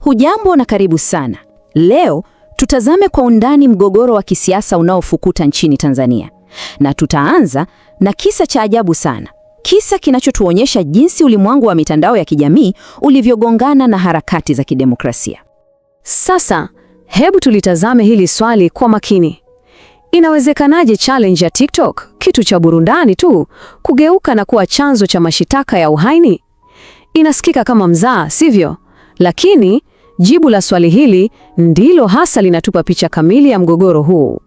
Hujambo na karibu sana. Leo tutazame kwa undani mgogoro wa kisiasa unaofukuta nchini Tanzania, na tutaanza na kisa cha ajabu sana, kisa kinachotuonyesha jinsi ulimwengu wa mitandao ya kijamii ulivyogongana na harakati za kidemokrasia. Sasa hebu tulitazame hili swali kwa makini. Inawezekanaje challenge ya TikTok, kitu cha burundani tu, kugeuka na kuwa chanzo cha mashitaka ya uhaini? Inasikika kama mzaa, sivyo? Lakini Jibu la swali hili ndilo hasa linatupa picha kamili ya mgogoro huu.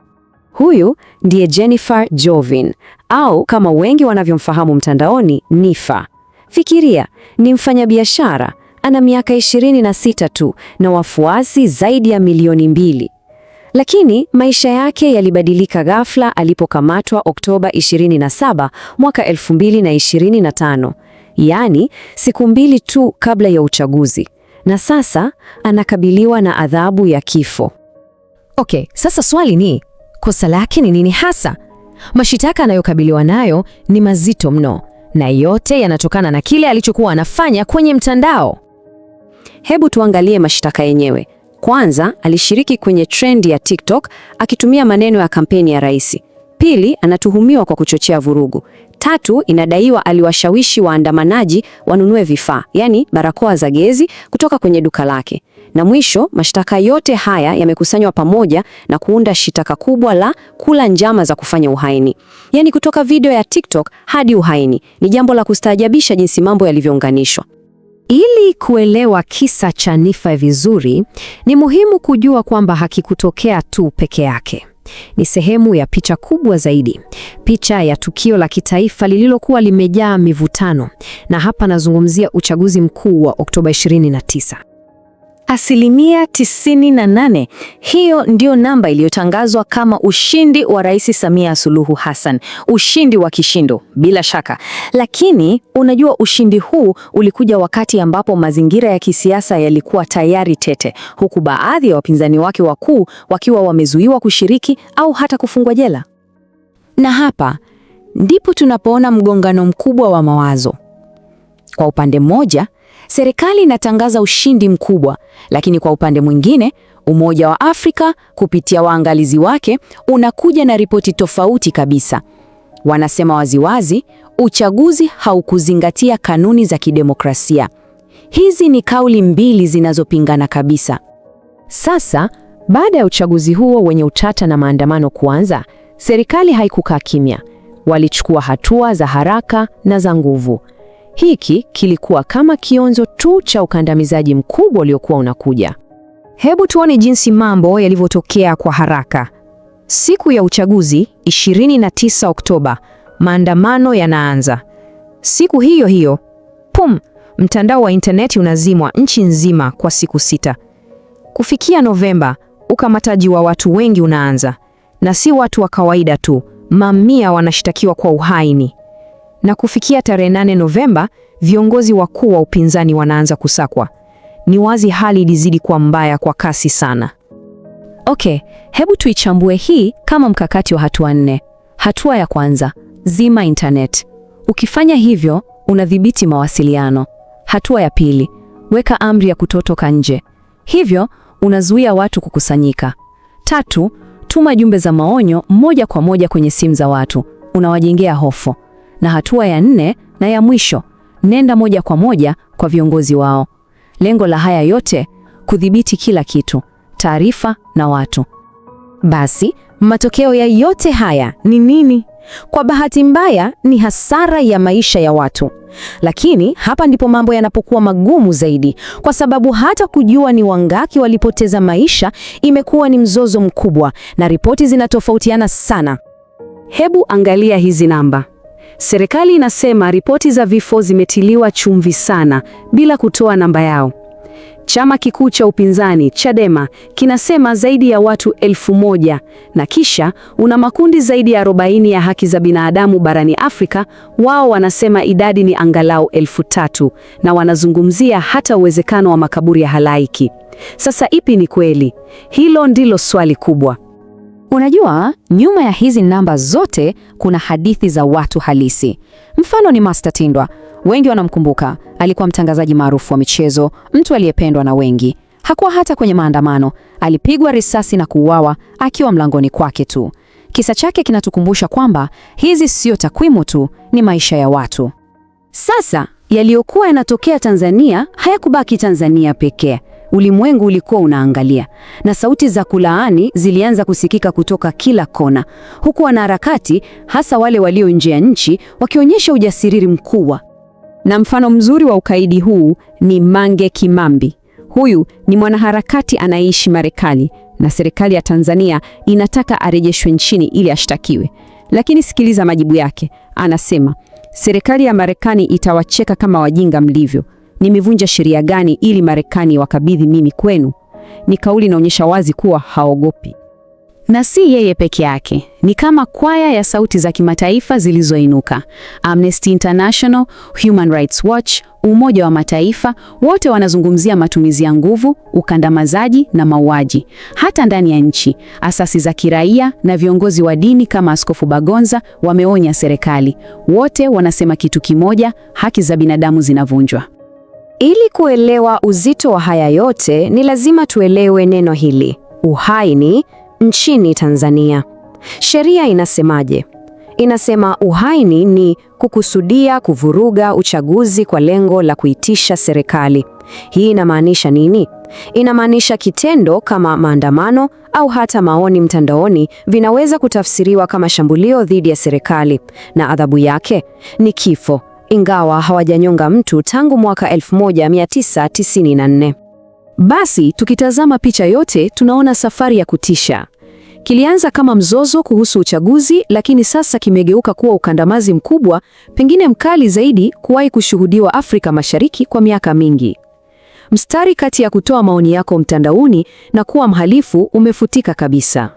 Huyu ndiye Jennifer Jovin au kama wengi wanavyomfahamu mtandaoni Nifa. Fikiria, ni mfanyabiashara, ana miaka 26 tu na wafuasi zaidi ya milioni mbili. Lakini maisha yake yalibadilika ghafla alipokamatwa Oktoba 27 mwaka 2025, yaani siku mbili tu kabla ya uchaguzi na sasa anakabiliwa na adhabu ya kifo. Okay, sasa swali ni kosa lake ni nini hasa? Mashitaka anayokabiliwa nayo ni mazito mno na yote yanatokana na kile alichokuwa anafanya kwenye mtandao. Hebu tuangalie mashitaka yenyewe. Kwanza, alishiriki kwenye trendi ya TikTok akitumia maneno ya kampeni ya rais. Pili, anatuhumiwa kwa kuchochea vurugu. Tatu, inadaiwa aliwashawishi waandamanaji wanunue vifaa, yaani barakoa za gezi kutoka kwenye duka lake. Na mwisho, mashtaka yote haya yamekusanywa pamoja na kuunda shitaka kubwa la kula njama za kufanya uhaini. Yaani kutoka video ya TikTok hadi uhaini. Ni jambo la kustaajabisha jinsi mambo yalivyounganishwa. Ili kuelewa kisa cha Nifa vizuri, ni muhimu kujua kwamba hakikutokea tu peke yake. Ni sehemu ya picha kubwa zaidi, picha ya tukio la kitaifa lililokuwa limejaa mivutano, na hapa nazungumzia uchaguzi mkuu wa Oktoba 29 asilimia 98. Hiyo ndiyo namba iliyotangazwa kama ushindi wa Rais Samia Suluhu Hassan, ushindi wa kishindo bila shaka. Lakini unajua ushindi huu ulikuja wakati ambapo mazingira ya kisiasa yalikuwa tayari tete, huku baadhi ya wapinzani wake wakuu wakiwa wamezuiwa kushiriki au hata kufungwa jela. Na hapa ndipo tunapoona mgongano mkubwa wa mawazo. Kwa upande mmoja Serikali inatangaza ushindi mkubwa, lakini kwa upande mwingine, Umoja wa Afrika kupitia waangalizi wake unakuja na ripoti tofauti kabisa. Wanasema waziwazi, uchaguzi haukuzingatia kanuni za kidemokrasia. Hizi ni kauli mbili zinazopingana kabisa. Sasa, baada ya uchaguzi huo wenye utata na maandamano kuanza, serikali haikukaa kimya. Walichukua hatua za haraka na za nguvu. Hiki kilikuwa kama kionjo tu cha ukandamizaji mkubwa uliokuwa unakuja. Hebu tuone jinsi mambo yalivyotokea kwa haraka. Siku ya uchaguzi 29 Oktoba, maandamano yanaanza. Siku hiyo hiyo, pum, mtandao wa intaneti unazimwa nchi nzima kwa siku sita. Kufikia Novemba, ukamataji wa watu wengi unaanza, na si watu wa kawaida tu, mamia wanashtakiwa kwa uhaini. Na kufikia tarehe 8 Novemba, viongozi wakuu wa upinzani wanaanza kusakwa. Ni wazi hali ilizidi kuwa mbaya kwa kasi sana. Okay, hebu tuichambue hii kama mkakati wa hatua nne. Hatua ya kwanza, zima internet. Ukifanya hivyo, unadhibiti mawasiliano. Hatua ya pili, weka amri ya kutotoka nje. Hivyo, unazuia watu kukusanyika. Tatu, tuma jumbe za maonyo moja kwa moja kwenye simu za watu. Unawajengea hofu na hatua ya nne na ya mwisho, nenda moja kwa moja kwa viongozi wao. Lengo la haya yote kudhibiti kila kitu, taarifa na watu. Basi matokeo ya yote haya ni nini? Kwa bahati mbaya ni hasara ya maisha ya watu. Lakini hapa ndipo mambo yanapokuwa magumu zaidi, kwa sababu hata kujua ni wangapi walipoteza maisha imekuwa ni mzozo mkubwa, na ripoti zinatofautiana sana. Hebu angalia hizi namba. Serikali inasema ripoti za vifo zimetiliwa chumvi sana bila kutoa namba yao. Chama kikuu cha upinzani Chadema kinasema zaidi ya watu elfu moja na kisha una makundi zaidi ya 40 ya haki za binadamu barani Afrika. Wao wanasema idadi ni angalau elfu tatu na wanazungumzia hata uwezekano wa makaburi ya halaiki. Sasa ipi ni kweli? Hilo ndilo swali kubwa. Unajua, nyuma ya hizi namba zote kuna hadithi za watu halisi. Mfano ni Master Tindwa, wengi wanamkumbuka. Alikuwa mtangazaji maarufu wa michezo, mtu aliyependwa na wengi. Hakuwa hata kwenye maandamano, alipigwa risasi na kuuawa akiwa mlangoni kwake tu. Kisa chake kinatukumbusha kwamba hizi sio takwimu tu, ni maisha ya watu. Sasa yaliyokuwa yanatokea Tanzania hayakubaki Tanzania pekee. Ulimwengu ulikuwa unaangalia, na sauti za kulaani zilianza kusikika kutoka kila kona, huku wanaharakati, hasa wale walio nje ya nchi, wakionyesha ujasiri mkubwa. Na mfano mzuri wa ukaidi huu ni Mange Kimambi. Huyu ni mwanaharakati anayeishi Marekani na serikali ya Tanzania inataka arejeshwe nchini ili ashtakiwe. Lakini sikiliza majibu yake. Anasema serikali ya Marekani itawacheka kama wajinga mlivyo, nimevunja sheria gani ili Marekani wakabidhi mimi kwenu? Ni kauli inaonyesha wazi kuwa haogopi. Na si yeye peke yake, ni kama kwaya ya sauti za kimataifa zilizoinuka. Amnesty International, Human Rights Watch, Umoja wa Mataifa, wote wanazungumzia matumizi ya nguvu, ukandamizaji na mauaji. Hata ndani ya nchi, asasi za kiraia na viongozi wa dini kama Askofu Bagonza wameonya serikali. Wote wanasema kitu kimoja, haki za binadamu zinavunjwa. Ili kuelewa uzito wa haya yote, ni lazima tuelewe neno hili uhaini nchini Tanzania. Sheria inasemaje? Inasema uhaini ni kukusudia kuvuruga uchaguzi kwa lengo la kuitisha serikali. Hii inamaanisha nini? Inamaanisha kitendo kama maandamano au hata maoni mtandaoni vinaweza kutafsiriwa kama shambulio dhidi ya serikali na adhabu yake ni kifo ingawa hawajanyonga mtu tangu mwaka 1994. Basi tukitazama picha yote tunaona safari ya kutisha. Kilianza kama mzozo kuhusu uchaguzi, lakini sasa kimegeuka kuwa ukandamazi mkubwa, pengine mkali zaidi kuwahi kushuhudiwa Afrika Mashariki kwa miaka mingi. Mstari kati ya kutoa maoni yako mtandaoni na kuwa mhalifu umefutika kabisa.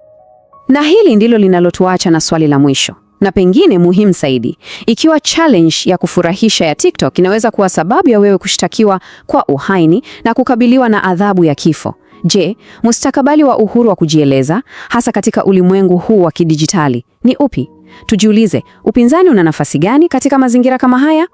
Na hili ndilo linalotuacha na swali la mwisho. Na pengine muhimu zaidi, ikiwa challenge ya kufurahisha ya TikTok inaweza kuwa sababu ya wewe kushtakiwa kwa uhaini na kukabiliwa na adhabu ya kifo. Je, mustakabali wa uhuru wa kujieleza hasa katika ulimwengu huu wa kidijitali ni upi? Tujiulize, upinzani una nafasi gani katika mazingira kama haya?